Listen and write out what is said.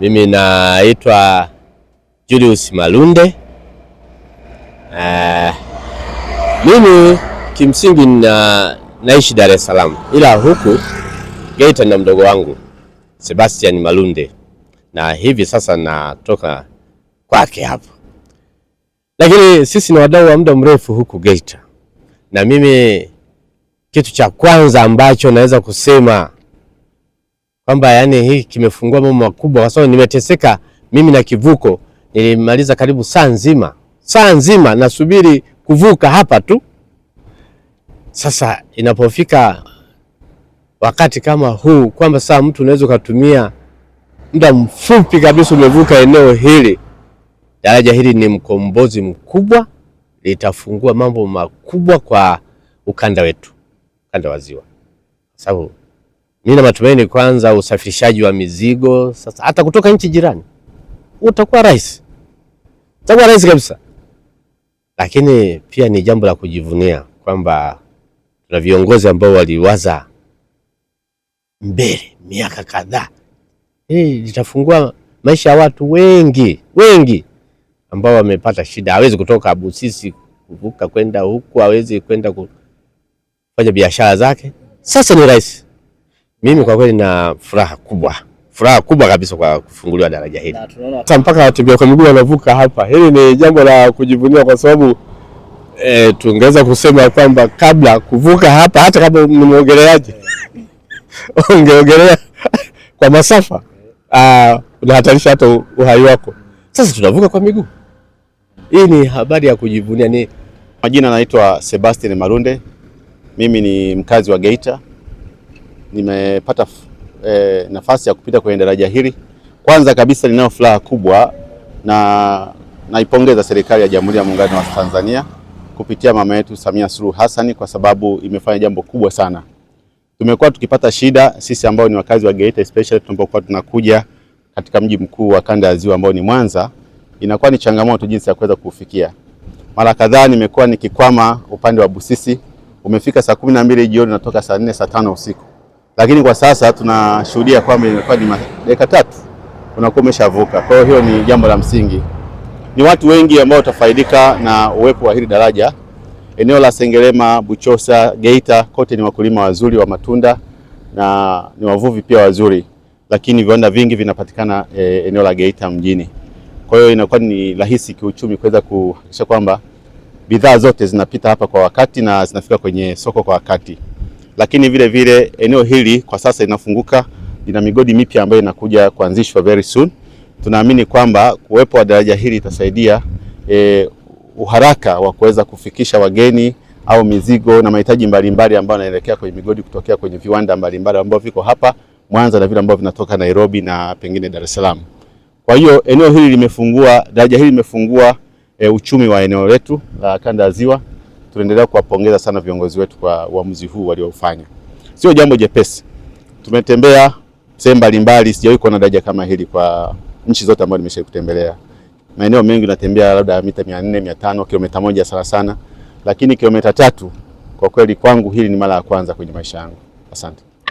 Mimi naitwa Julius Malunde. Uh, mimi kimsingi na, naishi Dar es Salaam ila huku Geita na mdogo wangu Sebastian Malunde, na hivi sasa natoka kwake hapo, lakini sisi ni wadau wa muda mrefu huku Geita, na mimi kitu cha kwanza ambacho naweza kusema kwamba yani hii kimefungua mambo makubwa, kwa sababu nimeteseka mimi na kivuko. Nilimaliza karibu saa nzima, saa nzima nasubiri kuvuka hapa tu. Sasa inapofika wakati kama huu kwamba saa mtu unaweza ukatumia muda mfupi kabisa umevuka eneo hili, daraja hili ni mkombozi mkubwa, litafungua mambo makubwa kwa ukanda wetu, ukanda wa Ziwa, sababu na matumaini kwanza, usafirishaji wa mizigo sasa hata kutoka nchi jirani utakuwa rahisi, utakuwa rahisi kabisa. Lakini pia ni jambo la kujivunia kwamba tuna viongozi ambao waliwaza mbele miaka kadhaa. Hii litafungua maisha ya watu wengi wengi ambao wamepata shida, hawezi kutoka Busisi kuvuka kwenda huku, hawezi kwenda kufanya biashara zake, sasa ni rahisi. Mimi kwa kweli na furaha kubwa, furaha kubwa kabisa kwa kufunguliwa daraja hili, hata mpaka watembea kwa miguu wanavuka hapa. Hili ni jambo la kujivunia kwa sababu e, tungeweza kusema kwamba kabla kuvuka hapa, hata kama ni mwogeleaji ungeogelea kwa masafa uh, unahatarisha hata uhai wako. Sasa tunavuka kwa miguu, hii ni habari ya kujivunia. Ni majina, naitwa Sebastian Marunde, mimi ni mkazi wa Geita nimepata e, nafasi ya kupita kwenye daraja hili. Kwanza kabisa ninayo furaha kubwa na naipongeza serikali ya Jamhuri ya Muungano wa Tanzania kupitia mama yetu Samia Suluhu Hassan kwa sababu imefanya jambo kubwa sana. Tumekuwa tukipata shida sisi ambao ni wakazi wa Geita especially tunapokuwa tunakuja katika mji mkuu wa kanda ya Ziwa ambao ni Mwanza, inakuwa ni changamoto jinsi ya kuweza kufikia. Mara kadhaa nimekuwa nikikwama upande wa Busisi, umefika saa kumi na mbili jioni natoka saa nne saa tano usiku lakini kwa sasa tunashuhudia kwamba imekuwa ni dakika tatu unakuwa umeshavuka. Kwa hiyo hiyo ni jambo la msingi. Ni watu wengi ambao watafaidika na uwepo wa hili daraja. Eneo la Sengerema, Buchosa, Geita kote ni wakulima wazuri wa matunda na ni wavuvi pia wazuri, lakini viwanda vingi vinapatikana e, eneo la Geita mjini. Kwa hiyo inakuwa ni rahisi kiuchumi kuweza kuhakikisha kwamba bidhaa zote zinapita hapa kwa wakati na zinafika kwenye soko kwa wakati lakini vile vile eneo hili kwa sasa inafunguka lina migodi mipya ambayo inakuja kuanzishwa very soon. Tunaamini kwamba kuwepo wa daraja hili itasaidia eh, uharaka wa kuweza kufikisha wageni au mizigo na mahitaji mbalimbali ambayo yanaelekea kwenye migodi kutokea kwenye viwanda mbalimbali ambavyo viko hapa Mwanza na vile ambavyo vinatoka Nairobi na pengine Dar es Salaam. Kwa hiyo eneo hili limefungua, daraja hili limefungua e, uchumi wa eneo letu la kanda ya Ziwa tunaendelea kuwapongeza sana viongozi wetu kwa uamuzi huu waliofanya. Sio jambo jepesi, tumetembea sehemu mbalimbali, sijawahi kuona daraja kama hili kwa nchi zote ambazo nimeshawahi kutembelea. Maeneo mengi unatembea labda mita 400, 500, kilomita moja sana sana, lakini kilomita tatu kwa kweli kwangu hili ni mara ya kwanza kwenye maisha yangu. Asante.